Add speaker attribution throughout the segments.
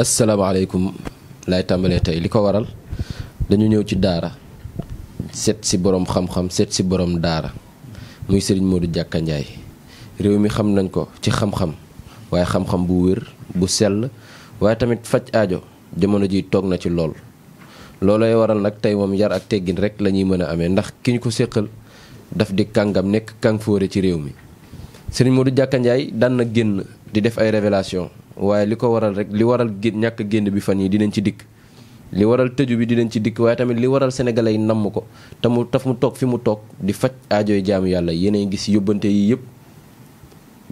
Speaker 1: asalaamaaleykum lay tàmbalee tey li ko waral dañu ñëw ci daara seet si boroom xam-xam seet si borom daara muy sëriñ Modou Diaka Ndiaye réew mi xam nañ ko ci xam-xam waaye xam-xam bu wér bu sell waaye tamit faj aajo jamono ji toog na ci lool. loolooy waral nag tey moom yar ak teggin rek la ñuy mën a amee ndax ki ñu ko séqal daf di kàngam nekk kàng ci réew mi Serigne Modou Diaka Ndiaye daan na génn di def ay révélation waaye li ko waral rek li waral ñàkk génn bi fan yi dinañ ci dikk li waral tëju bi dinañ ci dikk waaye tamit li waral sénégalais yi namm ko te mu mu toog fi mu toog di faj aajoy jaamu yàlla yeneen gis yóbbante yi yëpp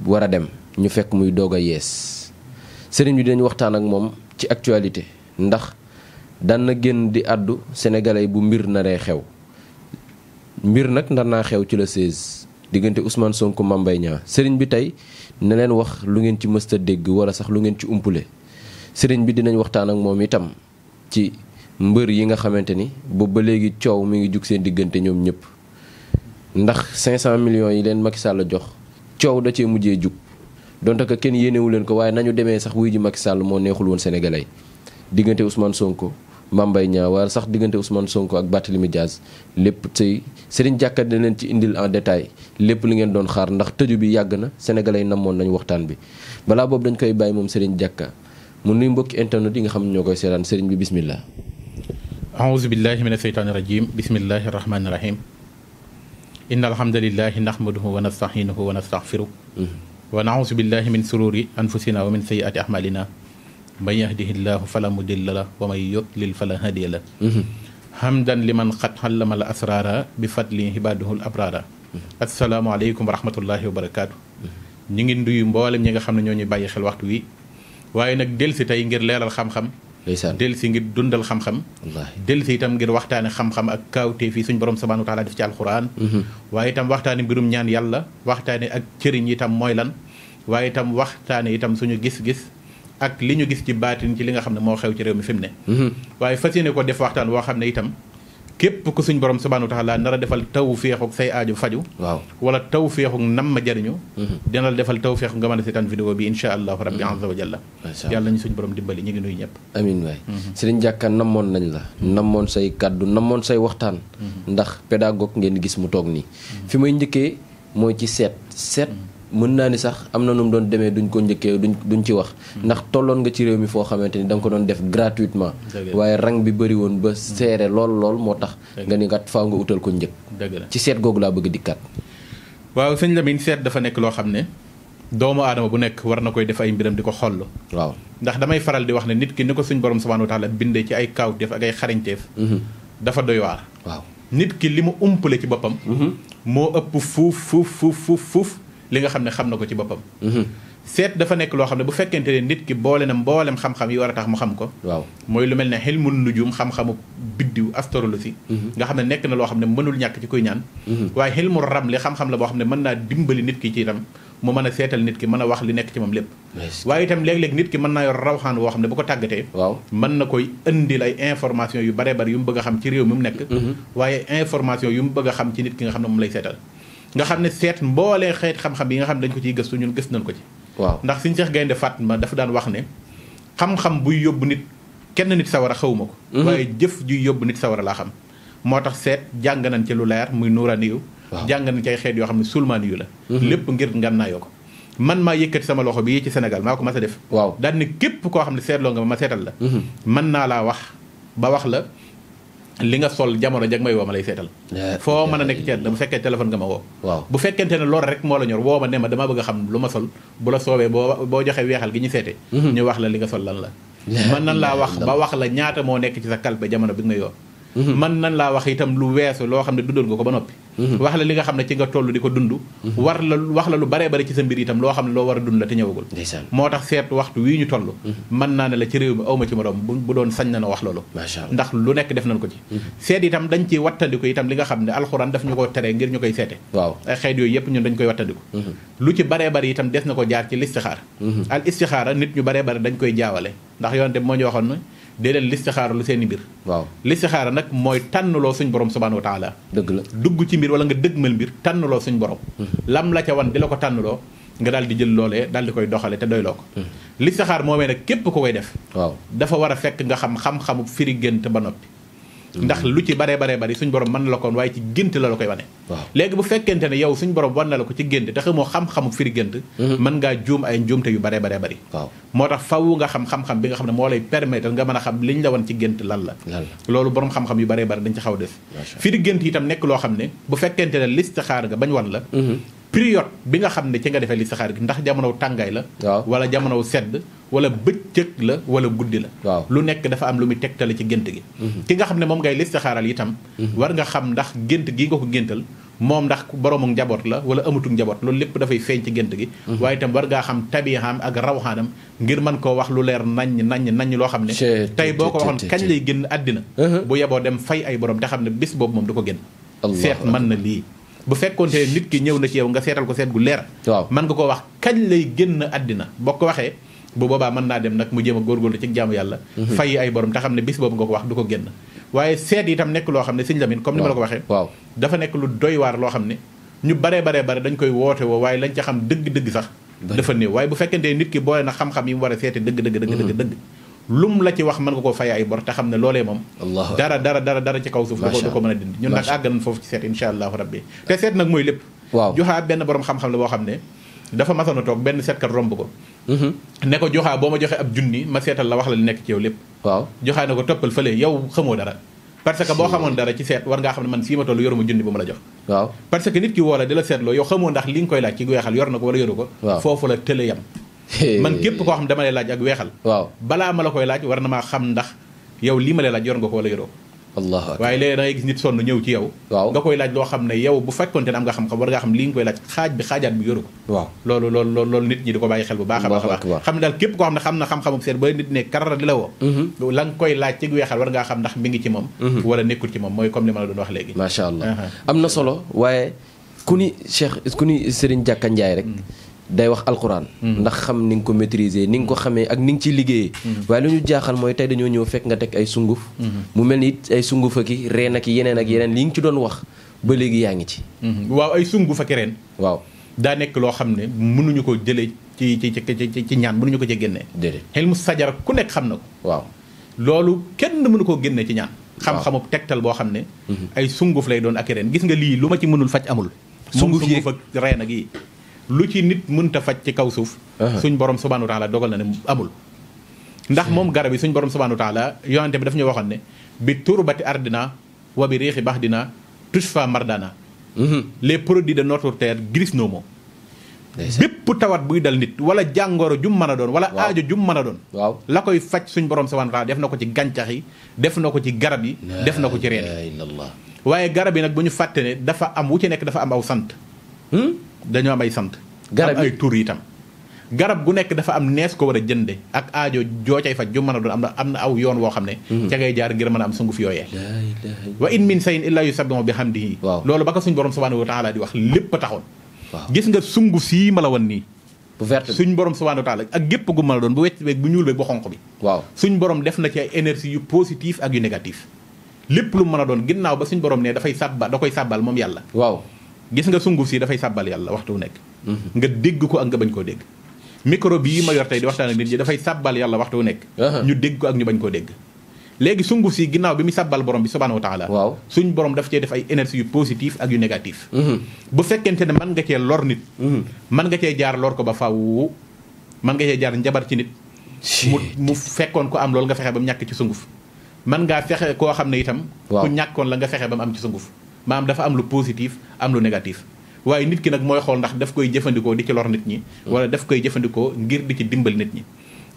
Speaker 1: war a dem ñu fekk muy doog a yees sëriñ bi dinañ waxtaan ak moom ci actualité ndax daan na génn di àddu sénégalais bu mbir naree xew mbir nag ndar naa xew ci la 16 diggante Ousmane Sonko Mame Mbaye Niang sëriñ bi tey na leen wax lu ngeen ci mësta dégg wala sax lu ngeen ci umpule sëriñ bi dinañ waxtaan ak moom itam ci mbër yi nga xamante ni boobu ba léegi coow mi ngi jug seen diggante ñoom ñëpp ndax 500 millions yi leen Macky Sall jox coow da cee mujjee jug donte que kenn yéenewu leen ko waaye nañu demee sax wuy ji Macky Sall moo neexul woon sénégalais diggante Ousmane Sonko. Mame Mbaye Niang wala sax diggante Ousmane Sonko ak Barthélémy Dias lépp tey Serigne jàkka dina leen ci indil en détail lépp li ngeen doon xaar ndax tëju bi yàgg na sénégalais namoon nañu waxtaan bi balaa boobu dañ koy bàyyi moom Serigne Jaka mu nuy mbokki internet yi nga xam ne ñoo koy seetaan Serigne bi bismillah
Speaker 2: aouzu billahi min asheytaani rajim bismillahi rahmaani rahim inna alhamdulilahi nahmaduhu wa nastahinuhu wa nastaxfiru
Speaker 3: mm-hmm.
Speaker 2: wa naouzu billahi min sururi anfusina wa min sayiati ahmalina man yahdihillaahu fala mudilla la wa man yudlil fala hadiya la mhm. hamdan liman qad allama la asrara bi fadli ibaduhul abrara mhm. asalaamaaleykum wa rahmatullahi wa barakaatu mhm. ñu ngi nuyu mboolem ñi nga xam ne ñoo ñuy bàyyi xel waxtu wi waaye nag delsi tey ngir leeral xam-xam delsi ngir dundal xam-xam delsi itam ngir waxtaane xam-xam ak kaawtee fii suñ borom subhanahu wa taala def ci alquran waaye itam waxtaane mbirum ñaan yàlla waxtaane ak cëriñ itam mooy lan waaye itam waxtaane itam suñu gis-gis ak li ñu gis ci baatin ci li nga xam ne moo xew ci réew mi fi mu ne mhm. waaye fas yéene ko def waxtaan woo xam ne itam képp ku suñ borom subhanahu wa taala nar a defal taw feexuk say aaju faju waaw wala taw feexu nam ma jariñu mhm. dina la defal taw feexuk nga mën a seetaan vidéo bi insha allahu rabbi mhm. azza wa jalla yàlla ñu suñ borom dimbali ñu ngi nuyu
Speaker 1: ñëpp amin waay sëriñ jàkka namoon nañ la namoon say kàddu namoon say waxtaan ndax pédagogue ngeen gis mu toog nii fi may njëkkee mooy ci seet seet mën naa ni sax am na nu mu doon demee duñ ko njëkkee duñ duñ ci wax hmm. ndax tolloon nga ci réew mi foo xamante ni danga ko doon def gratuitement waaye rang bi bëri woon ba hmm. seere lool lool moo tax nga ni kat faaw nga utal ko njëkk ci seet googu laa bëgg dikkaat
Speaker 2: waaw sëñ Lamine seet dafa nekk loo xam ne doomu aadama bu nekk war na koy def ay mbiram di ko xoll waaw ndax damay faral di wax ne nit ki ni ko suñ boroom subhanahu wa taala bindee ci ay kaw kaawteef ak ay xarañteef mhm. dafa doy waar waaw nit ki li mu umpale ci boppam mhm. moo ëpp fuuf fuuf fuuf fuuf li nga xam ne xam na ko ci boppam mhm. seet dafa nekk loo xam ne bu fekkente ne nit ki boole na mboolem xam-xam yi war a tax mu xam ko waaw mooy lu mel ne xilmu nujum xam-xamu biddiw astrologie mhm. nga xam ne nekk na loo xam ne mënul ñàkk ci kuy ñaan mhm. waaye xilmu ram li xam-xam la boo xam ne mën naa dimbali nit ki ci itam mu mën a seetal nit ki mën a wax li nekk ci moom lépp waaye itam léeg-léeg nit ki mën naa yor rawxaan woo xam ne bu ko tàggatee waaw mën na koy indil ay information yu bare bari yu mu xam ci réew mi mu nekk waaye information yu mu bëgg xam ci nit ki nga xam ne moom lay seetal nga xam ne seet mboolee xeet xam-xam yi nga xam ne dañ ko ciy gëstu ñun gëstu nañ ko ci waaw ndax suñu Seex Gaynde Fatma dafa daan wax ne xam-xam buy yóbbu nit kenn nit sawara xawuma ko mhm. waaye jëf juy yóbbu nit sawara laa xam moo tax seet jàng nañ ci lu leer muy nuuraniyu jàng nañ ci ay xeet yoo xam ne sulmaan yu la mhm. lépp ngir ngannaayoo ko man maa yëkkati sama loxo bi ci senegal maa ko ma a def waaw daal képp koo xam ne seetloo nga ma ma seetal la mhm. mën naa laa la li nga sol jamono jag may woo ma lay seetal eh, foo mën a nekk ci bu fekkee téléphone nga ma woo waaw bu fekkente ne loolu rek moo la ñor woo ma ne ma damaa bëgg a xam lu ma sol bu la soobee boo boo joxee weexal gi ñu seete mhm. ñu wax la li nga sol lan la eh, mën nan laa wax ba wax la ñaata moo nekk ci sa kalpe jamono bi nga may woo man mm-hmm. nan laa wax itam lu weesu loo xam ne dundal nga ko ba noppi mm-hmm. wax la li nga xam ne ci nga toll di ko dund mm-hmm. war la wax la lu baree bari ci sa mbir itam loo xam ne loo war a dund la te ñëwagul moo tax seet waxtu wii ñu toll man naa ne la ci réew mi awma ci morom bu doon sañ na na wax loolu ndax lu nekk def nañ ko ci seet itam dañ ci wattandiku itam li nga xam ne alxuraan daf ñu ko tere ngir ñu koy seete waaw ay xeet yooyu yëpp ñun dañ koy wattandiku lu ci baree bari itam des na ko jaar ci listixaar al istixaara nit ñu baree bari dañ koy jaawale ndax yoonte moo ñu waxoon dee leen listixaara lu seeni i mbir waaw listixaara nag mooy tànnloo suñ borom subhanahu wa taala dëgg la dugg ci mbir wala nga dëgg dëgmal mbir tànnloo suñ borom hmm. lam la ca wan di la ko tànnloo nga daal di jël loolee daal di koy doxale te doyloo ko hmm. listixaar moomee nag képp ko koy def waaw dafa war a fekk nga xam xam-xamu firi ba noppi ndax lu ci baree baree bari suñ borom mën la koon waaye ci gént la la koy wane léegi bu fekkente ne yow suñ borom wan na la ko ci gént te xamoo xam-xamu firi gént mhm. mën ngaa ay njuumte yu baree baree bari moo tax faw nga xam xam bi nga xam ne moo lay permettre nga mën a xam liñ la wan ci gént lan la loolu borom xam-xam yu bare bari dañ ci xaw def firi yi tam nekk loo xam ne bu fekkente ne xaar nga bañ wan la mhm. période bi nga xam ne ci nga defee listixaar gi ndax jamonow tàngaay la wala jamonow sedd wala bëccëg la wala guddi la lu nekk dafa am lu muy tegtale ci gént gi mhm. ki nga xam ne moom ngay listixaaral itam mhm. war nga xam ndax gént gi nga ko géntal moom ndax boroomu njaboot la wala amatu njaboot loolu lépp dafay feeñ ci gént gi mhm. waaye itam war ngaa xam tabihaam ak rawxaanam ngir mën koo wax lu leer naññ nañ naññ loo xam ne tey boo ko waxoon kañ lay génn àddina uh-huh. bu yeboo dem fay ay borom te xam ne bis boobu moom du ko génn seet mën na lii bu fekkoonte nit ki ñëw na ci yow nga seetal ko seet gu leer waaw mën nga ko wax kañ lay génn àddina boo ko waxee bu boobaa mën naa dem nag mu jéem a góorgóorlu ci jaamu yàlla mhm. fay ay borom te xam ne bis boobu nga ko wax du ko génn waaye seet itam nekk loo xam ne sëñ Lamine comme ni ma la ko waxee waaw dafa nekk lu doy waar loo xam ne ñu bare baree bare dañ koy woote woo waaye lañ ca xam dëgg-dëgg sax dafa néew waaye bu fekkente nit ki boole na xam-xam mu war a seete mhm. dëgg dëgg dëgg dëgg lum la ci wax mën nga koo fay ay bor te xam ne loolee moom dara dara dara dara ci kaw suuf du ko du ko mën a dindi ñun nag àgg nañ foofu ci seet insha allahu rabbi te seet nag mooy lépp waaw joxaa benn borom xam-xam la boo ko mm-hmm. ne ko boo ma joxee junni ma seetal la wax la li nekk ci yow lépp waaw joxaa ko toppal fële yow xamoo dara parce boo xamoon dara ci seet war ngaa xam ne man fii ma toll yoruma junni bu ma la jox parce que nit ki woo di la seetloo yow xamoo ndax li nga koy laaj ci weexal yor na ko wala yoru ko foofu la tële man képp koo xam dama lay laaj ak weexal waaw balaa ma la koy laaj war na maa xam ndax yow lii ma lay laaj yor nga ko wala yoroo allah waaye léegi da ngay gis nit sonn ñëw ci yow waaw nga koy laaj loo xam ne yow bu fekkonte ne am nga xam-xam war ngaa xam li nga koy laaj xaaj bi xaajaat bi ko waaw loolu loolu loolu baax a baax xam ne daal képp koo xam ne xam na xam-xamu seet ba nit ne karara di la woo mm-hmm. la nga koy laaj ci weexal war ngaa xam ndax mi ci moom mm-hmm. wala nekkul ci moom mooy comme li ma la doon wax léegi macha
Speaker 1: allah uh-huh. am na solo waaye ku ni Cheikh ku ni Serigne Diaka Ndiaye rek mm. day wax alxuraan. Mhm. ndax xam ni nga ko maîtriser ni nga ko mhm. xamee ak ni nga ciy liggéeyee. Mhm. waaye lu ñu jaaxal mooy tey dañoo ñëw fekk nga teg ay sunguf. mu mel ni ay sunguf ki i reen ak yeneen ak yeneen li ci doon wax ba léegi yaa ngi ci. waaw ay sunguf ak reen. waaw daa loo xam ne
Speaker 2: mënuñu ko jëlee ci ci ci ci ñaan mënuñu ko ci génnee. déedéet xel ku nekk xam na waaw loolu kenn mënu koo génne ci ñaan. xam-xamu boo xam ne. ay sunguf lay doon ak reen gis nga lii lu ma ci mënul faj amul. sunguf yeeg moom sunguf ak reen ak lu ci nit mënta faj ci kaw suuf suñ borom subhanahu wa taala dogal na ne amul ndax moom garab yi suñ borom subhanahu wa taala yonente bi daf ñu waxoon ne bi turbati ardina wa bi riixi baax dina tushfa mardana mhm. les produits de notre noo grisnomo bépp tawat buy dal nit wala jàngoro jum mën a doon wala aajo jum mën a doon waaw la koy faj suñ borom subhanahu wa def na ko ci gàncax yi def na ko ci garab yi def na ko ci reen yi waaye garab yi nag bu ñu fàtte dafa am wu ci nekk dafa am aw sant hmm? dañoo am ay sant. garab ay tur itam. garab gu nekk dafa am nees ko war a jënde ak aajo joo cay faj ju mën a doon am na am na aw yoon woo xam ne hmm. ca ngay jaar ngir mën a am sunguf yooyee wa in min sayin illaa yusabbihu bi hamdihi loolu ba ko suñ borom subhanahu wa taala di wax lépp taxoon gis nga sunguf sii ma la wan nii bu verte suñ borom subhanahu wa taala ak gépp gu mën a doon bu wecc beeg bu ñuul beeg bu xonq bi waaw suñ borom def na ci ay énergie yu positif ak yu negatif lépp lu mën a doon ginnaaw ba suñ borom ne dafay sàbba da koy sàbbal moom yàlla waaw gis nga sunguf si dafay sàbbal yàlla waxtu wu nekk mhm. nga dégg ko ak nga bañ koo dégg micro bii ma yor tey di waxtaan ak nit ñi dafay sàbbal yàlla waxtu wu nekk uh-huh. ñu dégg ko ak ñu bañ koo dégg léegi sunguf si ginnaaw bi muy sàbbal borom bi subhanahu wa taala waaw suñ borom daf cee def ay énergie yu positif ak yu négatif mhm. bu fekkente ne man nga cee lor nit man mhm. nga cee jaar lor ko ba faaw mën nga cee jaar njabar ci nit mu mu fekkoon ko am loolu nga fexe ba mu ñàkk ci sunguf mën ngaa fexe koo xam ne itam ku ñàkkoon la nga fexe ba am ci sunguf maanaam dafa am lu positif am lu négatif waaye nit ki nag mooy xool ndax daf koy jëfandikoo di ci lor nit ñi wala daf koy jëfandikoo ngir di ci dimbali nit ñi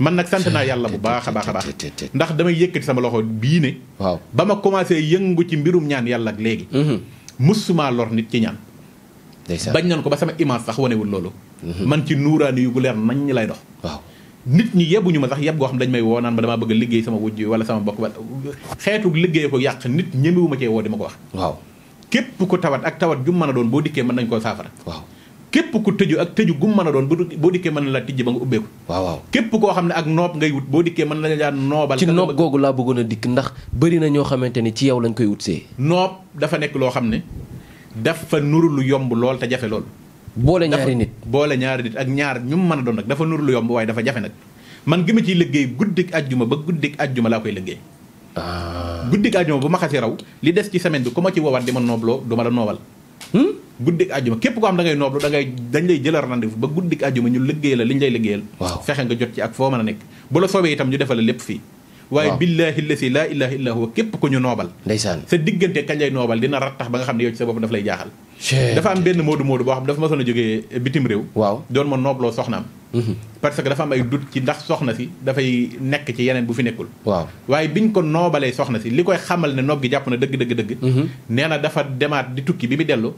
Speaker 2: man nag sant naa yàlla bu baax a baax a baax ndax damay yëkkati sama loxo bii ne waaw ba ma commencé yëngu ci mbirum ñaan yàlla ak léegi mm-hmm. musuma lor nit ci ñaan bañ nan ko ba sama image sax wanewul loolu mm-hmm. man ci nuuraani yu gu leer nañ ñi lay dox waaw nit ñi yebuñu ma sax yeb goo xam dañ may woo naan ma bëgg liggéey sama wujj wala sama bokk wala xeetu ko yàq nit ñemewu ma cee woo di ko wax waaw képp ku tawat ak tawat ju mën a doon boo dikkee mën nañ koo saafara waaw képp ku tëju ak tëju gum mën a doon boo dikkee mën na laa tijji ba nga ubbeeku waaw waaw képp koo xam ne ak noob ngay wut boo dikkee mën na laa noobal ci noob googu laa bëggoon a dikk ndax bëri na ñoo xamante ni ci yow lañ koy wut see noob dafa nekk loo xam ne dafa nuru lu yomb lool te jafe lool boole ñaari nit boole ñaari nit ak ñaar ñu mën a doon nag dafa nuru lu yomb waaye dafa jafe nag man gi ma ciy liggéey guddik ajjuma ba guddik ajjuma laa koy liggéey Ah. guddi àjjuma bu ma xasee raw li des ci semaine bi ku ma ci woowaat di ma noobloo du ma la noowal hmm? guddi àjjuma képp ko am da ngay nooblu da dañ lay jëlal rendez ba guddi àjjuma ñu liggéey la li ñu lay liggéeyal fexe nga jot ci ak foo mën a nekk bu la soobee itam ñu defal lépp fii waaye billaahi lasi laa ilaaha illaa huwa képp ku ñu noobal sa diggante kañ lay noobal dina rattax ba nga xam ne yow ci sa bopp daf lay jaaxal dafa am benn moodu moodu boo xam dafa ma soon a jógee bitim réew waaw doon ma noobloo soxnaam mhm. parce que dafa am ay dut ci ndax soxna si dafay nekk ci yeneen bu fi nekkul waaw waaye ñu ko noobalee soxna si li koy xamal ne noob gi jàpp na dëgg dëgg dëgg mhm. nee na dafa demaat di tukki bi mu dellu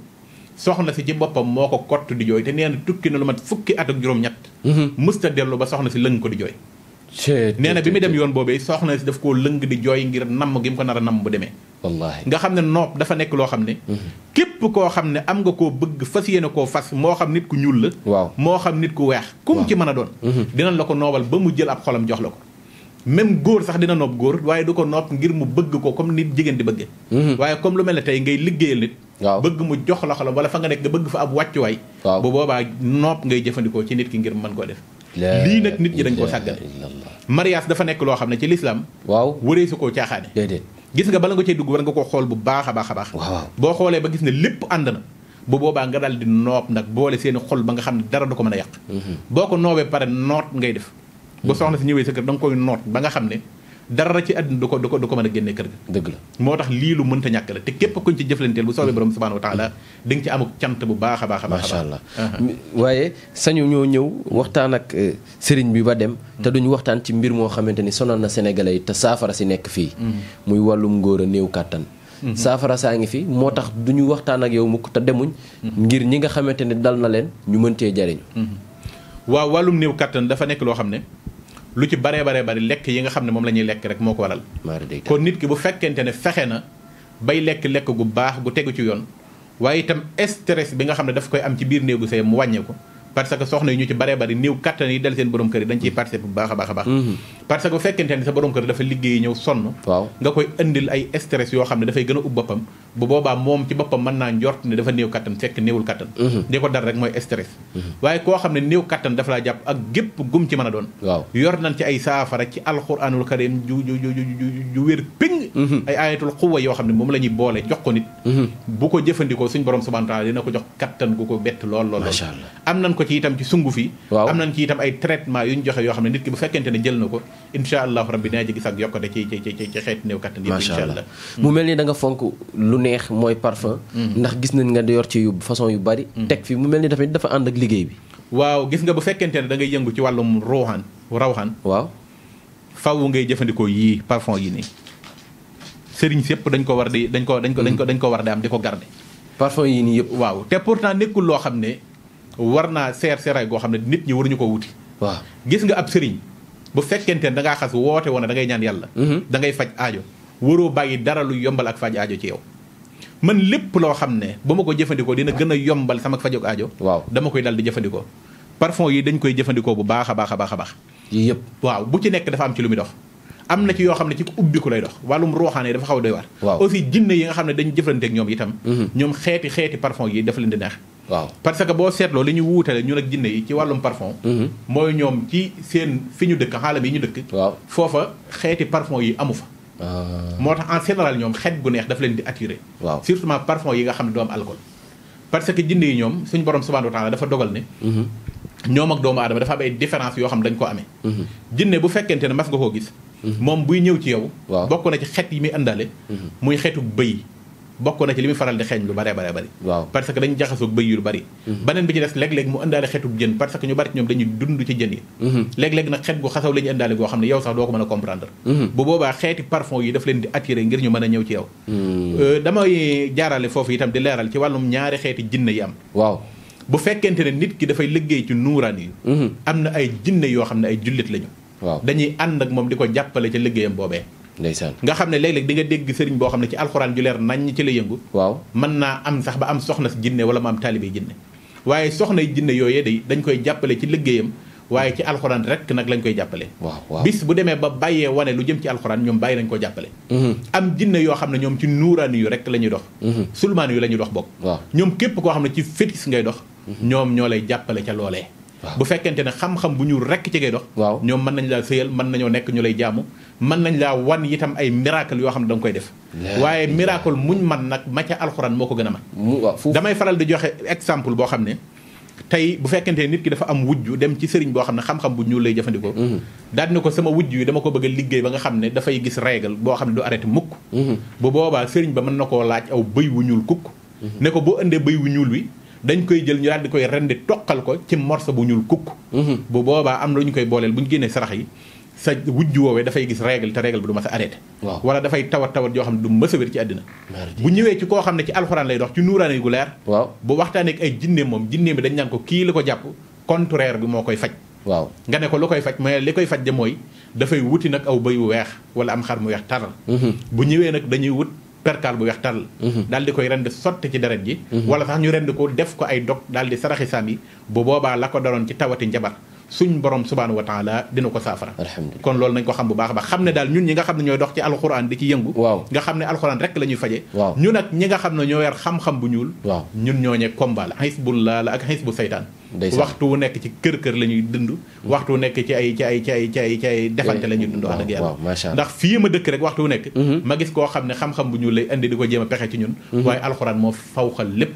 Speaker 2: soxna si ci boppam moo ko kott di jooy nee tukki na lu mat fukki at ak juróom-ñett mësta mhm. dellu ba soxna si lëng ko di jooy nee na bi mu dem yoon boobee soxna si daf koo lëng di jooy ngir nam gi mu ko nara nam namm bu demee nga xam ne noob dafa nekk loo xam ne mhm. képp koo xam ne am nga koo bëgg fas yéene koo fas moo xam nit ku ñuul la waaw moo xam nit ku weex kum mën a doon mhm. dinañ la ko noobal ba mu jël ab xolam jox la ko même góor sax dina noob góor du ko noob ngir mu bëgg ko comme nit jigéen di bëgge mhm. waaye comme lu mel ne tey ngay liggéeyal bëgg mu jox la wala fa nga nekk nga bëgg fa ab wàccuwaay bu boobaa noob ngay jëfandikoo ci nit ki ngir mën koo def
Speaker 3: lii nag nit ñi dañ koo sàggane
Speaker 2: mariage dafa nekk loo xam ne ci lislaam waaw wëree su koo caaxaane déedéet gis nga bala nga cee dugg war nga ko xool bu baax a baax a baax boo xoolee ba gis ne lépp ànd na bu boobaa nga daal di noob nag boole seeni xol ba nga xam ne dara du ko mën a yàq mhm. boo ko noobee pare noot ngay def bu mhm. soxna si ñëwee sa kër da koy noot ba nga xam ne dara ci àdduna du ko du ko du ko mën a génne kër ga dëgg la moo tax lii lu mënta ñàkk la te képp kuñ ci jëflanteel bu soobee
Speaker 1: borom subhanahu wa taala ci amuk cant bu baax a baax a baax macha allah uh-huh. waaye sañu ñoo ñëw waxtaan ak eh, sëriñ bi ba dem te duñu waxtaan ci mbir moo xamante ni sonal na sénégalais yi te saafara si nekk fii mm-hmm. muy wàllum ngóor a néew kàttan mm-hmm. saafara saa ngi fi moo tax du ñu waxtaan ak yow mukk te demuñ mm-hmm. ngir ñi nga xamante ne dal na leen ñu mën cee jariñu
Speaker 2: waaw wàllum néew kàttan dafa nekk loo xam ne lu ci baree baree bari lekk yi nga xam ne moom la ñuy lekk rek moo ko waral kon nit ki bu fekkente ne fexe na bay lekk lekk gu baax gu tegu ci yoon waaye itam stress bi nga xam ne daf koy am ci biir néegu sëy mu wàññee ko parce que soxna yi ñu ci baree bari néew kattan yi dal seen borom kër yi dañ ciy mm-hmm. participer bu baax a baax a baax mm-hmm. parce que bu fekkente ne sa borom kër dafa liggéey ñëw sonn waaw nga koy indil ay stress yoo xam ne dafay gën a ub boppam bu boobaa moom ci boppam mën naa njort ne dafa néew kattan fekk néewul kattan di mhm. ko dal rek mooy stress mhm. waaye koo xam ne néew kattan dafa laa jàpp ak gépp gum ci mën a doon yor nañ ci ay saafara ci alxuraanul karim ju mhm. yoo xam ne moom la ñuy boole jox ko nit bu ko jëfandikoo suñ borom subhanahu taala dina ko jox kattan gu ko bett lool lool masha Allah am nañ ko ci itam ci joxe yoo xam ne nit ki bu fekkente ne jël na ko insha allahu rabbi dina ci gis ak yokkate ci xeet néew kattan yi insha Allah
Speaker 1: mu mel ni da nga fonk lu neex mooy parfum. Mm-hmm. ndax gis nañ nga yor ci yu façon yu bari. Mm-hmm. teg fi mu mel ni tamit dafa ànd ak liggéey bi.
Speaker 2: waaw gis nga bu fekkente ne da ngay yëngu ci wàllum ruuxaan rawxaan. waaw faaw ngay jëfandikoo yii parfum yi nii. sëriñ si yëpp dañ ko war di dañ ko dañ ko dañ ko mm-hmm. dañ ko war di am di ko garder. parfum yi nii yëpp. waaw te pourtant nekkul loo xam ne war naa seer seeraay goo xam ne nit ñi waruñu ko wuti. waaw gis nga ab sëriñ bu fekkente ne da ngaa xas woote woon da ngay ñaan yàlla. da ngay faj ci yow. man lépp loo xam ne ba ma ko jëfandikoo dina gën a yombal sama fajog ajo waaw dama koy dal di jëfandikoo parfum yi dañ koy jëfandikoo bu baax a baax a baax a baax yii yëpp waaw bu ci nekk dafa am ci lu muy dox am na ci yoo xam ne ci ubbiku lay dox wàllum ruuxaane yi dafa xaw doy waar aussi jinne yi nga xam ne dañ jëflanteeg ñoom itam mhm. ñoom xeeti xeeti parfum yi dafa leen di neex waaw parce que boo seetloo li ñu wuutale ñun ak jinne yi ci wàllum parfum mhm. mooy ñoom ci seen fi ñu dëkk xaalam yi ñu dëkk waaw foofa xeeti parfum yi amu fa moo tax en général ñoom xet gu neex daf leen di attiré. waaw surtout yi nga xam ne doo alcool. parce que jinne yi ñoom suñu borom subhanahu wa dafa dogal ne. Mhm. ñoom ak doomu aadama dafa am différence yoo xam dañ ko amee. Mhm. jinne bu fekkente ne mas nga koo gis. Mhm. moom buy ñëw ci yow. bokk na ci xet yi muy àndaale. muy xetu bëy. bokk na ci li muy faral di xeeñ lu bare bare bëri waaw parce que dañu jaxasoog bëy yu bëri mhm. beneen bi ci des léeg-léeg mu indaale xetub jën parce que ñu bari ci ñoom dañuy dund ci jën yi mhm. léeg-léeg nag xet gu xasaw la ñu indaale goo xam ne yow sax doo ko mën a comprendre mhm. bu boobaa xeeti parfum yi daf leen di attiré ngir ñu mën a ñëw ci yow euh, damay jaarale foofu itam di leeral ci wàllum ñaari xeeti jinne yi am waaw bu fekkente ne nit ki dafay liggéey ci nuuraan yi am na ay jinne yoo xam ne ay jullit lañu waaw dañuy ànd ak moom di ko jàppale ca liggéeyam boobee ndeysaan nga xam ne léeg-léeg di nga dégg sëriñ boo xam ne ci alxuraan ju leer nañ ci la yëngu waaw mën naa am sax ba am soxna si jinne wala ma am taalibe jinne waaye soxna yi jinne yooyee day dañ koy jàppale ci liggéeyam waaye ci alxuraan rek nag lañ koy jàppale waaw waaw bis bu demee ba bàyyee wane lu jëm ci alxuraan ñoom bàyyi lañ ko jàppale mhm. am jinne yoo xam ne ñoom ci nuuraan yu rek la ñuy dox mhm. sulmaan yu la ñuy dox bokk waaw ñoom képp koo xam ne ci fétis ngay dox mhm. ñoom ñoo lay jàppale ca loolee bu fekkente ne xam-xam bu ñu rekk ci ngay dox ñoom mën nañ laa sëyal mën nañoo nekk ñu lay jaamu mën nañ laa wan itam ay miracle yoo xam ne da nga koy def waaye miracle muñ man nag ma ca alxuraan moo ko gën a man damay faral di joxe exemple boo xam ne tey bu fekkente nit ki dafa am wujj dem ci sëriñ boo xam ne xam bu ñuul lay jëfandikoo mm-hmm. daal dina ko sama wujj wi dama ko bëgg liggéey ba nga xam ne dafay gis règle boo xam ne du arrêté mukk mm-hmm. bu boobaa sëriñ ba mën na koo laaj aw bëy wu ñuul kukk mm-hmm. ne ko boo indee bëy wu ñuul wi dañ koy jël ñu daal di koy rendi toqal ko ci morso bu ñuul kukk bu boobaa am na ñu koy booleel bu ñu génnee sarax yi sa wujj woowe dafay gis règle te règle bi du mas a arrêté wala dafay tawat tawat yoo xam du mas a wér ci àddina bu ñëwee ci koo xam ne ci alxuraan lay dox ci nuuraane gu leer waaw bu waxtaanee ay jinne moom jinne bi dañ naan ko kii li ko jàpp contraire bi moo koy faj waaw nga ne ko lu koy faj mooy li koy faj de mooy dafay wuti nag aw bëy wu weex wala am xar mu weex taral mm-hmm. bu ñëwee nag dañuy wut perkaal bu weex tàll mm-hmm. daal di koy rend sotte ci deret ji mm-hmm. wala sax ñu rend ko def ko ay dog daal di saraxi saam yi boobaa la ko daloon ci tawati njabar suñ borom subhanahu wa taala dina ko saafara kon loolu nañ ko xam bu baax a baax xam ne daal ñun ñi nga xam ne ñooy dox ci alxuraan di ci yëngu nga xam ne alxuraan rek la ñuy faje ñu nag ñi nga xam ne ñoo yar xam-xam bu ñuul ñun ñooñe combat la xisbullah la ak xisbu waxtu wu nekk ci kër kër la ñuy dund waxtu wu nekk ci ay ci ay ci ay ci ay ci ay defante la ñuy dund wax dëgg yàlla ndax fii ma dëkk rek waxtu wu nekk mhm. ma gis koo xam ne xam-xam bu ñuul lay indi di ko jéem a pexe ci ñun mhm. waaye alxuraan moo lépp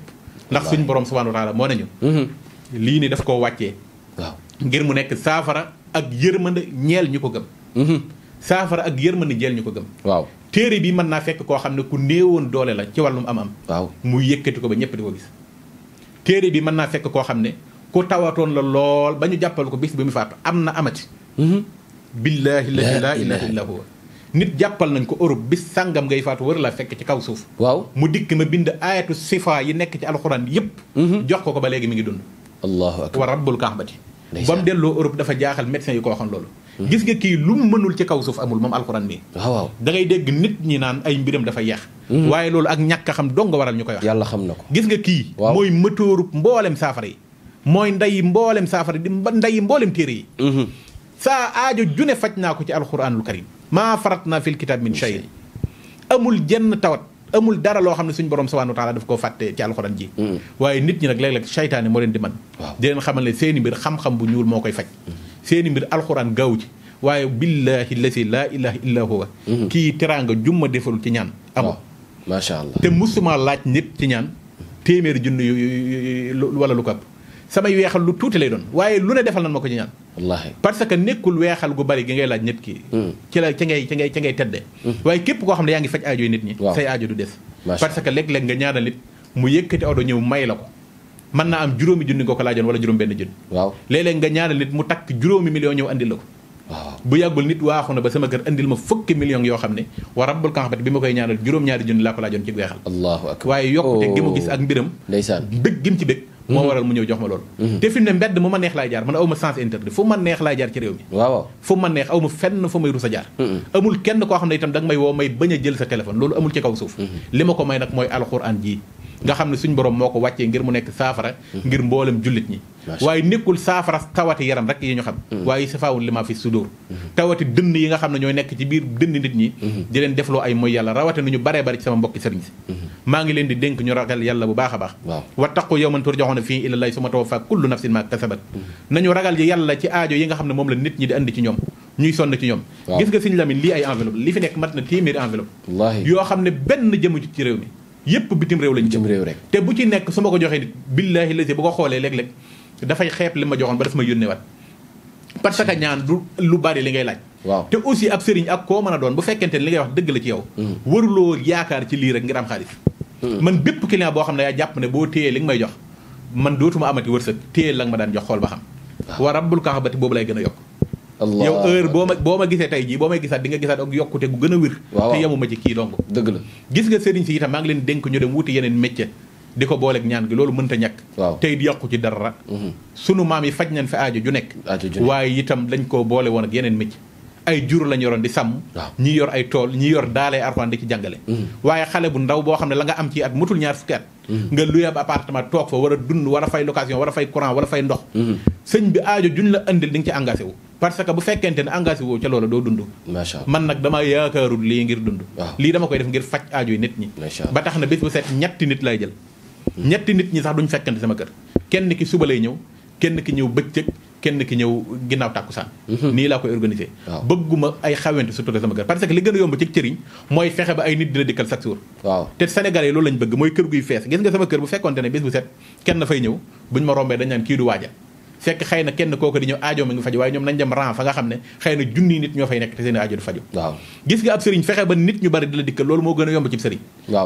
Speaker 2: ndax suñ borom subhanahu wa taala moo nañu mhm. lii ni daf koo wàccee waaw ngir mu nekk saafara ak yërmande ñeel ñu ko gëm mhm. saafara ak yërmande ñeel ñu ko gëm waaw téere bii mën naa fekk koo xam ne ku néewoon doole la ci wàllum am am waaw mu yëkkati ko ba ñëpp di gis téere bi mën naa fekk koo xam ne ku tawatoon la lool ba ñu jàppal ko bis bi mu faatu am na amati mhm. billaahi la ilaha illa huwa nit jàppal nañ ko Europe bi sàngam ngay faatu wër la fekk ci kaw suuf waaw mu dikk ma bind aayatu sifa yi nekk ci alxuraan yépp mhm. jox ko ko ba léegi mi ngi dund allahu akbar wa rabbul kaabati ba mu delloo Europe dafa jaaxal médecin yi ko waxoon loolu hmm. gis nga kii lu mu mënul ci kaw suuf amul moom alxuraan mi waaw da ngay dégg nit ñi naan ay mbiram dafa yeex hmm. waaye loolu ak ñàkk xam dong waral ñu koy wax yàlla xam na ko gis nga kii mooy mëtóorub mboolem saafara yi mooy nday mboolem saafara di nday mboolem téere yi hmm. saa aajo june faj naa ko ci alxuraanul karim maa farat naa fil kitab min amul jenn tawat amul dara loo xam ne suñu borom subhanahu wa taala daf koo fàtte ci alxuraan ji mm. waaye nit ñi nag léeg-léeg saytaane moo leen di man di leen xamal ne seeni mbir xam-xam bu ñuul moo koy faj mm. seeni mbir alxuraan gaaw ci waaye billahi lasi laa ilaha illa huwa mm. kii teraanga juma defalul ci ñaan amul macha allah te musuma laaj nit ci ñaan téeméeri junni yu wala lu ko ëpp samay weexal lu tuuti lay doon waaye lu ne defal nan ma ko ci ñaan wallaahi parce que nekkul weexal gu bari gi ngay laaj nit ki. Hmm. ci la ci ngay ci ngay ci ngay tedde hmm. waaye képp koo xam ne yaa ngi faj aajoy nit ñi. say aajo du des. parce que léeg-léeg nga ñaanal nit mu yëkkati oto ñëw may la ko. mën naa am juróomi junni nga ko laajoon wala juróom benn junni. waaw léeg-léeg nga ñaanal nit mu takk juróomi million ñëw indi la ko. bu yàggul nit waaxu na ba sama kër indil ma fukki millions yoo xam ne wa rabbul kaxabati bi ma koy ñaanal juróom-ñaari junni laa ko laajoon ci weexal allahu akbar waaye yokkute gi mu gis ak oh.
Speaker 1: mbiram ndeysaan
Speaker 2: bëgg gi mu ci bëgg moo mhm. waral mu ñëw jox ma loolu mhm. te fi mu ne mbedd mu ma neex laay jaar man aw ma sens interdit fu ma neex laay jaar ci réew mi waaw fu ma neex aw ma fenn fu may rus a jaar mhm. amul kenn koo xam ne itam da nga may woo may bañ a jël sa téléphone loolu amul ci kaw suuf li ko may nag mooy alxuraan ji nga xam ne suñ borom moo ko wàccee ngir mu nekk saafara ngir mboolem jullit ñi waaye nekkul saafara tawati yaram rek yi ñu xam mm-hmm. waaye safaawul li ma fi sudur mm-hmm. tawati dënn yi nga xam ne ñooy nekk ci biir dënn nit ñi mm-hmm. leen defloo ay mooy yàlla rawate nañu baree bari ci sama mbokki maa ngi leen di dénk ñu ragal yàlla bu baax a baax wa taqu yawman turjaxoona fii ilallaahi summa tuwaffa kullu ragal yi yàlla ci yi nga xam ne moom la nit ñi di andi ci ñoom ñuy sonn ci ñoom gis nga sëñ Lamine lii ay enveloppe li fi nekk mat na téeméeri enveloppe yoo xam ne benn jëmu ci réew mi yépp bitim réew lañ jëm réew rek te bu ci nekk su ma ko joxee nit billaahi lasi bu ko xoolee léeg-léeg dafay xeeb li ma joxoon ba daf ma yónnewaat parce que ñaan du lu bari li ngay laaj waaw te aussi ak sëriñ ak koo mën a doon bu fekkente ne li ngay wax dëgg la ci yow hmm. waruloo yaakaar ci lii rek ngir am xaalis hmm. man bépp client boo xam ne yaa jàpp ne boo téyee li nga may jox man dootuma amati wërsëg téye la nga ma daan jox xool ba xam wa rabbul kaabati boobu lay gën a yokk yow heure boo ma boo ma gisee tey jii boo may gisaat di nga gisaat ak yokkute gu gën a wér te yemuma ci kii dong dëgg la gis nga sëriñ si itam maa ngi leen dénk ñu dem wuti yeneen métier di ko booleeg ñaan gi loolu mënta ñàkk waaw tey yàqu ci dara mhm. sunu maam yi faj nañ fi aajo waaye itam lañ koo boole woon ak yeneen métier ay jur lañ yoroon di sàmm ñi yor ay tool ñi yor daalee arxaan di ci jàngale mhm. waaye xale bu ndaw boo xam ne la nga am ci at mutul ñaar fukki at mhm. nga luy ab appartement toog fa war a dund war a fay location a fay courant war a fay ndox sëñ la andil di nga ci engagé wu parce que bu fekkente ne engagé woo ca loola doo dund man nag dama yaakaarul lii ngir dund lii dama koy def ngir faj aajo yi nit ñi ba tax na bés bu set ñetti nit lay jël ñetti nit ñi sax duñ fekkante sama kër kenn ki suba lay ñëw kenn ki ñëw bëccëg kenn ki ñëw ginnaaw tàkkusaan mhm. nii laa koy organiser bëgguma ay xawente surtout sama kër parce que li gën a yomb ci cëriñ mooy fexe ba ay nit dina dikkal chaque jour waaw te sénégalais loolu lañ bëgg mooy ne bés bu set kenn na fay ñëw buñ ma kii du waaja fekk xëy na kenn kooku di ñëw aajo mi ngi faju waaye ñoom nañ dem ran fa nga xam ne xëy na junni nit ñoo fay nekk te seen aajo du faju waaw gis nga ab sëriñ fexe ba nit ñu bari di la loolu moo gën a yomb ci sëriñ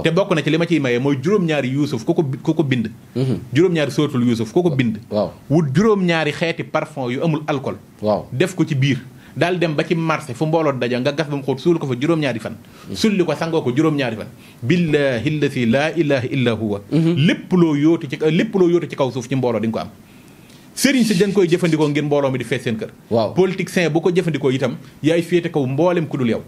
Speaker 2: te bokk na ci li ma ciy maye mooy juróom-ñaari yuusuf ku ko ku ko bind mm-hmm. juróom-ñaari sóotul yuusuf ku ko bind waaw wut juróom-ñaari xeeti parfum yu amul alcool waaw def ko ci biir daal dem ba ci marché fu mbooloo daja nga gas ba mu xóot suul ko juróom-ñaari fan mm-hmm. sulli ko sangoo ko juróom-ñaari fan billahi allati laa ilaha illa mm-hmm. lépp loo yóotu ci lépp loo yóotu ci kaw suuf ci mbooloo di ko am sëriñ si dañ koy jëfandikoo ngir mbooloo mi di fees seen kër. waaw politicien bu ko jëfandikoo itam yaay féete kaw mboolem ku dul yow.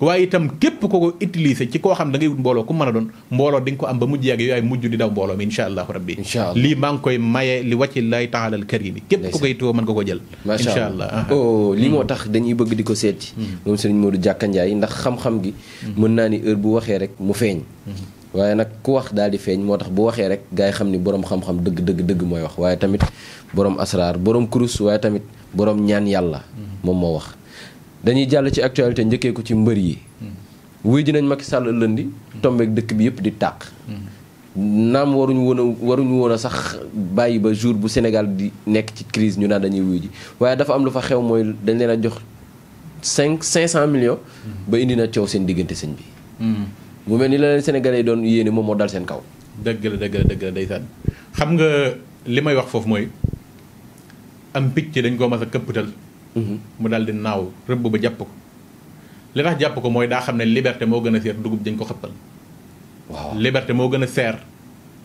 Speaker 2: waaye itam képp ko ko utiliser ci koo xam da ngay wut mbooloo ku mën doon mbooloo di ko am ba mujj yàgg yaay mujj di daw mbooloo mi incha allahu rabbi lii maa ngi koy maye li wàcci lay taalal kër yi bi képp ko koy tuwo mën nga
Speaker 1: ko jël incha allah oh lii hmm. moo tax dañuy bëgg di ko seet ci hmm. moom sëriñ Modou Diaka Ndiaye ndax xam-xam gi hmm. mën naa ni heure bu waxee rek mu feeñ waaye nag ku wax daal di feeñ moo tax bu waxee rek gaa yi xam ni boroom xam-xam dëgg dëgg dëgg mooy wax waaye tamit borom asraar borom kurus waaye tamit borom ñaan yàlla. moom moo wax dañuy jàll ci actualité njëkkee ci mbër yi. wuy ji nañ mag Sall lëndi. tombeek dëkk bi yëpp di tàq. naam waruñu woon waruñu woon a sax bàyyi ba jour bu Sénégal di nekk ci crise ñu naan dañuy wuy ji waaye dafa am lu fa xew mooy dañ leen a jox cinq cinq cent millions. ba indi na coow seen diggante sëñ bi. mu mel ni la leen Sénégalais yi doon yéene moom moo dal seen kaw. dëgg la dëgg la dëgg la ndeysaan xam nga li may wax foofu mooy. am picc
Speaker 2: dañ koo mas a këppatal mhm. mu daal di naaw rëbb ba jàpp ko li tax jàpp ko mooy daa xam ne liberté moo gën a seer dugub dañ ko xëppal waaw moo gën a seer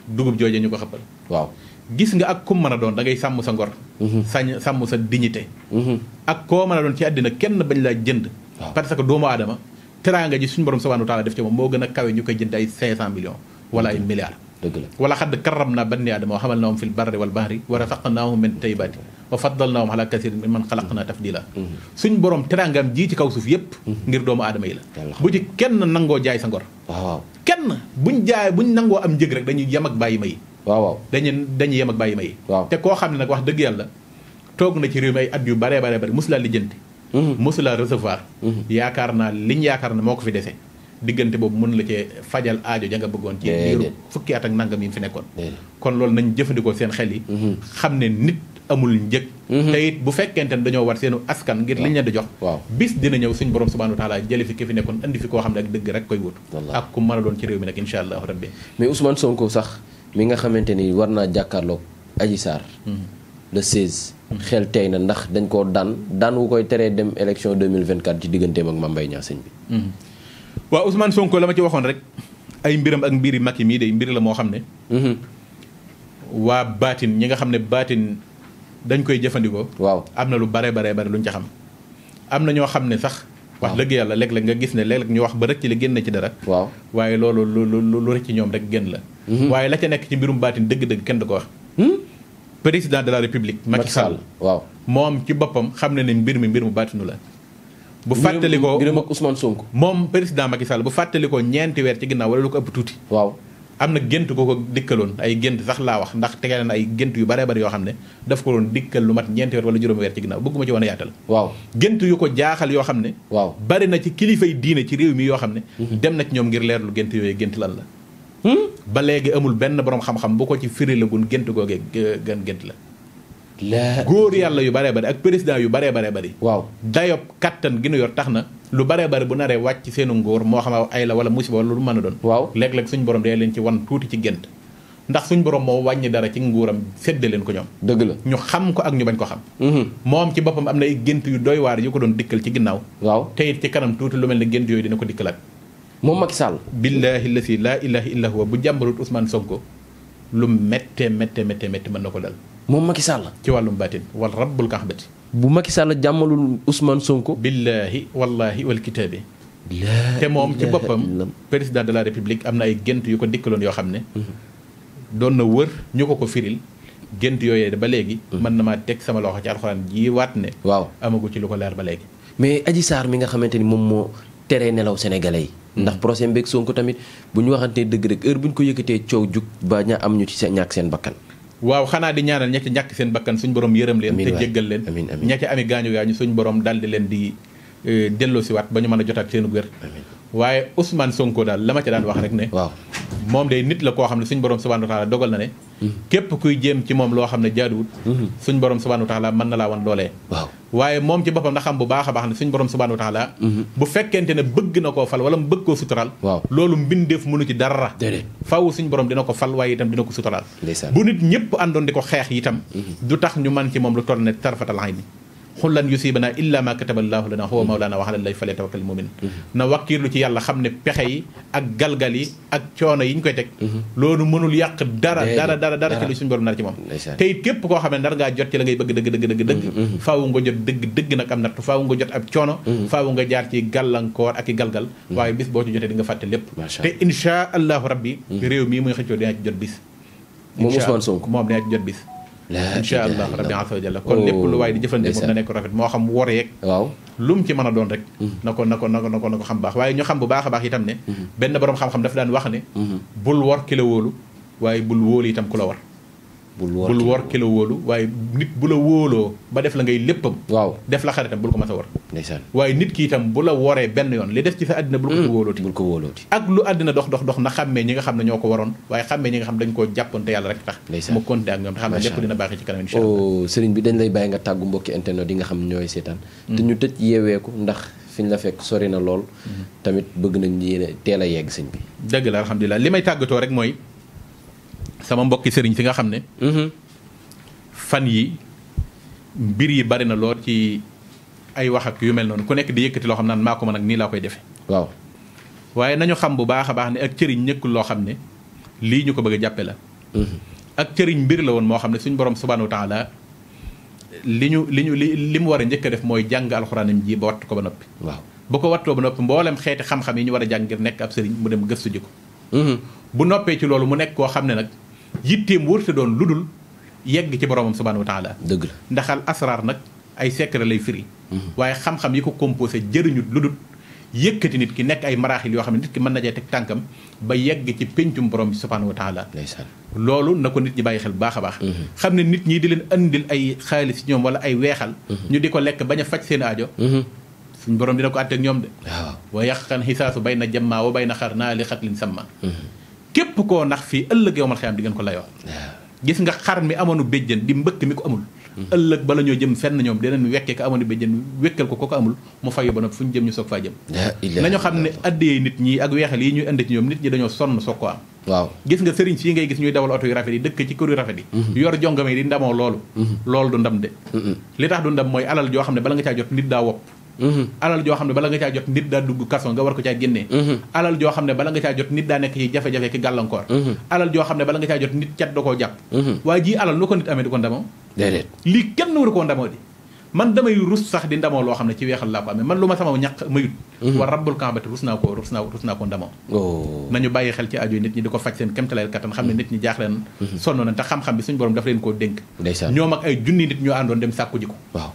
Speaker 2: dugub jooje ñu ko xëppal waaw gis nga ak kum mën a doon da ngay sàmm sa ngor mhm. sañ sàmm sa dignité mhm. ak koo mën a doon ci àddina kenn bañ laa jënd parce que doomu aadama teraanga ji suñu borom subhanahu wa taala def ci moom moo gën a kawe ñu koy jënd ay cinq cent millions wala ay milliards dëgg wala xadd karram naa banni aadama wa xamal naahum fil barri wal bahri wa rafaqnaahum min tayyibaati wa faddalnaahum ala kasirin mimman xalaqnaa la mm-hmm. suñ borom teraangaam jii ci kaw suuf yépp mm-hmm. ngir doomu aadama yi la bu ci kenn nangoo jaay sa ngor waaw kenn buñ jaay buñ nangoo am njëg rek dañuy yem ak bàyyi ma yi waaw waaw dañu yem ak bàyyi ma yi te koo xam ne nag wax dëgg yàlla toog na ci réew may at yu baree baree bari mosulaa lijjanti mm-hmm. mosulaa recevoir yaakaar naa liñ yaakaar ne moo ko fi dese diggante boobu mën la cee fajal aajo ja nga bëggoon ci diiru fukki at ak nangam yi fi nekkoon kon loolu nañ jëfandikoo seen xel yi mhm. xam ne nit amul njëg mhm. te it bu fekkente ne dañoo war seenu askan ngir liñ leen di jox bis dina ñëw suñ borom subhanahu wa taala jële fi ki fi nekkoon indi fi koo xam ne ak dëgg rek koy wut ak ku mën a doon ci réew mi nag insha allahu rabbi
Speaker 1: mais Ousmane Sonko sax mi nga xamante ni war naa jàkkaarloog Adji Sarr mhm. le 16 xel tey na ndax dañ koo daan daan wu koy teree dem élection 2024 ci digganteem
Speaker 2: waaw Ousmane Sonko la ma ci waxoon rek ay mbiram ak mbiri makki mii de mbir la moo xam ne. Mhm. waa baatin ñi nga xam ne baatin dañ koy jëfandikoo. waaw am na lu bare bare bare luñ ca xam. am na ñoo xam ne sax. wax dëgg yàlla léeg-léeg nga gis ne léeg-léeg ñu wax ba rëcc li génn ci dara. waaw waaye loolu lu lu lu rëcc ñoom rek génn la. Mhm. waaye la ca nekk ci mbirum baatin dëgg-dëgg kenn du ko wax. Hmm? président de la république. Macky Sall waaw moom ci boppam xam na ne mbir mi mbir mu baatinu la. bu fàttalikoo mbirum ak Ousmane Sonko. moom président Macky Sall bu fàttalikoo ñeenti weer ci ginnaaw wala lu ko ëpp tuuti. waaw am na gént ko ko dikkaloon ay gént sax laa wax ndax tegale na ay gént yu bare bari yoo xam ne daf ko doon dikkal lu mat ñeenti weer wala juróomi weer ci ginnaaw bëgguma ci wan yaatal. waaw gént yu ko jaaxal yoo xam ne. waaw bari na ci kilifay diine ci réew mi yoo xam ne. Mhm. dem na ci ñoom ngir leerlu gént yooyu gént lan la. Hmm? ba léegi amul benn borom xam-xam ko ci firi la gun gént googee gën la góor yàlla yu baree bari ak président yu baree baree bari waaw dayob kattan gi nu yor tax na lu baree bari bu naree wàcc seenu ngóor moo xam ay la wala musiba wala lu mën a doon waaw léeg-léeg suñu borom dee leen ci wan tuuti ci gént ndax suñu borom moo wàññi dara ci nguuram sédde ko ñoom dëgg la ñu xam ko ak ñu bañ ko xam mhm. moom ci boppam am na ay yu doy waar yu ko doon dikkal ci ginnaaw waaw te ci kanam tuuti lu mel ne gént yooyu dina ko dikkalaat moom Macky Sall billaahi lasi laa ilaha illa huwa bu jàmbalut Ousmane Sonko lu métte métte moom Macky Sall. ci wàllum baatin wal rabbul kaxbati. bu Macky Sall jàmmalul Ousmane Sonko. billaahi wallaahi wal kitaabi. te moom ci boppam président de la république am na ay gént yu ko dikkaloon yoo xam ne. Mhm. doon na wër ñu ko ko firil. gént yooyee ba léegi. Mhm. mën na maa teg sama loxo ci alxuraan
Speaker 1: ji waat ne. waaw amagu ci lu ko laar ba léegi. mais aji Sarr mi nga xamante ni moom moo teree nelaw sénégalais yi. ndax mhm. procès mbeeg Sonko tamit bu ñu waxantee dëgg rek heure bu ñu ko yëkkatee coow jug ba am ñu ci seen ñàkk seen bakkan.
Speaker 2: waaw xanaa di ñaanal ña ca ñàkk seen bakkan suñu borom yërëm leen te jéggal leen ña ca ami gaañu gaañu suñu borom daal di leen di eh, delloo siwaat ba ñu mën a jotaat seenu wér waaye Ousmane Sonko daal la ma ca daan wax rek ne waaw moom day nit la koo xam ne suñ borom subhanahu wa dogal na ne hmm. képp kuy jéem ci moom loo xam ne jaaduwut hmm. suñ borom subhanahu wa mën na laa woon loolee waaw waaye moom ci boppam na xam bu baax baax ne suñ borom subhanahu wa taala hmm. bu fekkente ne bëgg na koo fal wala mu bëgg koo sutural waaw loolu mbindeef mënu ci dara faw suñ borom dina ko fal waaye itam dina ko sutural bu nit ñëpp àndoon di ko xeex itam du tax ñu man ci moom lu toll ne tarfatal ayni xul lan yusibanaa illa ma kataballaahu lana huwa mawlaana wa ala llaahi falyatawakkal mu'min mhm. na wakkiirlu ci yàlla xam ne pexe yi ak galgal yi ak coono yi ñu koy teg mhm. loolu mënul yàq
Speaker 3: dara dara dara dara ci lu suñu borom nar ci moom te
Speaker 2: it képp koo xam ne nar ngaa jot ci la ngay bëgg dëgg dëgg dëgg dëgg mhm, faawu nga jot dëgg dëgg nag am nattu faawu nga jot ab coono faawu nga jaar ci gàllankoor ak i galgal waaye bis boo ci jotee di nga fàtte lépp te inchaa allahu rabbi réew mii muy xëccoo dinaa ci jot bis moom Ousmane Sonko moom dinaa ci jot bis incha allah rabbi azza wa jalla kon lépp lu waaye di oh, jëfandikoo na nekk rafet moo xam wor yeeg waaw lu mu ci mën a doon rek mm-hmm. na ko na ko na ko na ko xam baax waaye ñu xam bu baax a baax itam ne mm-hmm. benn boroom xam-xam dafa daan wax ne mm-hmm. bul wor ki la wóolu waaye bul wóolu itam ku la war
Speaker 3: bul wor
Speaker 2: ki la wóolu waaye nit bu la wóoloo ba def la ngay léppam waaw def la xaritam bul ko mas a war ndeysaan waaye nit ki itam bu la woree benn yoon li def ci sa
Speaker 1: àddina bul ko mm. wóolooti bul ko wóolooti
Speaker 2: ak lu àddina dox dox dox na xàmmee ñi nga xam ne ñoo ko waroon waaye xàmmee ñi nga xam dañ koo jàppoon te yàlla rek tax mu konte ak ñoom xam ne
Speaker 1: oh, nga tàggu mbokki internet yi nga xam ñooy seetaan mm. te ñu tëj yeeweeku ndax fi ñu la fekk sori na lool mm. tamit bëgg nañ yéen teel a yegg sëñ bi
Speaker 2: dëgg la alhamdulilah li may tàggatoo rek mooy sama mbokki sëriñ si nga xam ne mm-hmm. fan yi mbir yi bari na lool ci ay wax ak yu mel noonu ku nekk di yëkkati loo xam naan maa ko mën nii laa koy defe waaw waaye nañu xam bu baax a baax ne ak cëriñ ñëkkul loo xam ne lii ñu ko bëgg jàppe la
Speaker 3: mm-hmm.
Speaker 2: ak cëriñ mbir la woon moo xam ne suñu borom subhanahu wa taala li ñu li ñu li li mu war a njëkk def mooy jàng alxuraanam jii ba wattu ko ba noppi waaw bu ko wattoo ba noppi mboolem xeeti xam-xam yi ñu war a jàng ngir nekk ab sëriñ mu dem gëstu ji ko mm-hmm. bu noppee ci loolu mu nekk koo xam ne nag yitteem wërta doon lu dul yegg ci boromam subhanahu wa taala dëgg la ndaxal asraar nag ay secret lay firi mhm. waaye xam-xam yi ko composé jëriñut lu dul yëkkati nit ki nekk ay maraaxil yoo xam ne nit ki mën na cee teg tànkam ba yegg ci péncum borom bi subhanahu wa loolu na ko nit ñi bàyyi xel bu baax a baax mhm. xam ne nit ñi di leen andil ay xaalis ñoom wala ay weexal mhm. ñu di ko lekk bañ a faj seen aajo suñ borom dina ko àtteeg ñoom de waaw wa yàqan xisaasu bay na jammaa wa bay na xar naa li xatlin samma képp ko ndax fii ëllëg yow mal xëyam di ngeen ko layoo gis nga xar mi amoonu béjjën di mbëkk mi ko amul mm-hmm. ëllëg bala ñoo jëm fenn ñoom deneen wekkee ko amoonu béjjën wekkal ko ko ko amul mu fayu ba noppi fu ñu jëm ñu soog faa jëm nañu xam ne addiyee nit ñi ak weexal yi ñuy indi ci ñoom nit ñi dañoo sonn soog ko am waaw gis nga sëriñ si ngay gis ñuy dawal oto yu rafet yi dëkk ci kër yu rafet yi mm-hmm. yor jongame yi di ndamoo loolu mm-hmm. loolu du ndam de li tax du mooy alal joo xam ne bala nga caa jot nit daa wopp alal joo xam ne bala nga caa jot nit daa dugg kaso nga war ko caa génnee mhm. alal joo xam ne bala nga caa jot nit daa nekk ci jafe-jafe ki gàllankoor mhm. alal joo xam ne bala nga caa jot nit cat da koo jàpp mhm. waaye jii alal lu ko nit koo ndamoo sax di ndamoo loo xam ne ci weexal laa ko oh. nit ñi di ko faj seen kémtalayel kattan xam ne nit ñi jaaxle na sonn na te xam-xam bi suñu borom dafa leen koo dénk ñoom ak ay junni nit ñoo àndoon dem sàkku ji ko waaw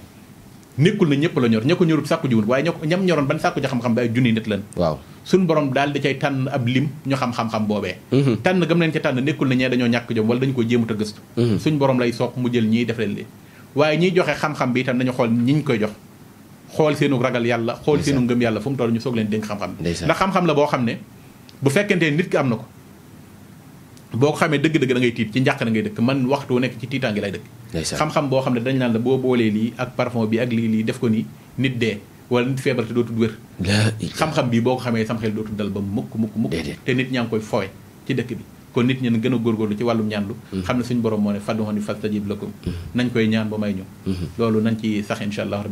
Speaker 2: nekkul na ñëpp la ñor ña ko ñorut sàkku jiwun waaye ña ko ñam ñoroon ban sàkku ja xam-xam bi ay junni nit lan waaw suñu borom daal da cay tànn ab lim ñu xam-xam-xam boobee mm-hmm. tànn gëm leen ca tànn nekkul na ñee dañoo ñàkk jom wala dañu ko jéemut a gëstu mm-hmm. suñ borom lay sopp mu jël ñiy def leen waaye ñiy joxe xam-xam bi itam nañu xool ñiñ koy jox xool seenu ragal yàlla xool seenu ngëm yàlla fu mu toll ñu soog leen dénk xam-xam ndax xam-xam la boo xam ne bu fekkente nit ki am na ko boo ko xamee dëgg-dëgg da ngay tiit ci njàqare ngay dëkk man waxtu nekk ci tiitaangi lay dëkk xam-xam boo xam ne dañ naan la boo boolee lii ak parfum bi ak lii lii def ko nii nit dee wala nit feebar te dootul wér xam-xam bi boo ko xamee sam xel dootul dal ba mukk mukk mukk te nit ñaa ngi koy foowe ci dëkk bi kon nit ñi gën a góorgóorlu ci wàllum ñaandu mm-hmm. xam ne suñu borom moo ne ni fastajib lakum mm-hmm. nañ koy ñaan ba may ñu mm-hmm. loolu nañ ci sax insha allah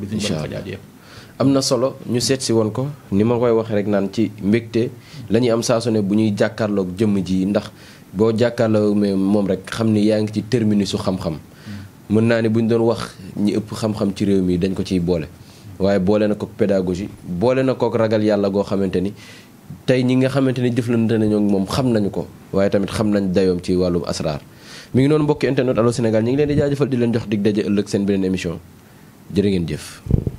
Speaker 1: na solo ñu seet si woon ko ni ma koy waxee rek naan ci mbégte la ñuy am saa su ne bu ñuy jàkkaarloog jëmm ji ndax boo jàkkaarloo mais moom rek xam ni yaa ngi ci terminus su xam-xam mën naa ne bu ñu doon wax ñi ëpp xam-xam ci réew mi dañ ko ciy boole waaye boole na ko kook pédagogie boole na kook ragal yàlla goo xamante ni tey ñi nga xamante ni jëflante nañoo moom xam nañu ko waaye tamit xam nañ dayoom ci wàllu asraar mi ngi noonu mbokki internet Allô Sénégal ñi ngi leen di jaajëfal di leen jox dig daje ëllëg seen beneen émission jërë ngeen jëf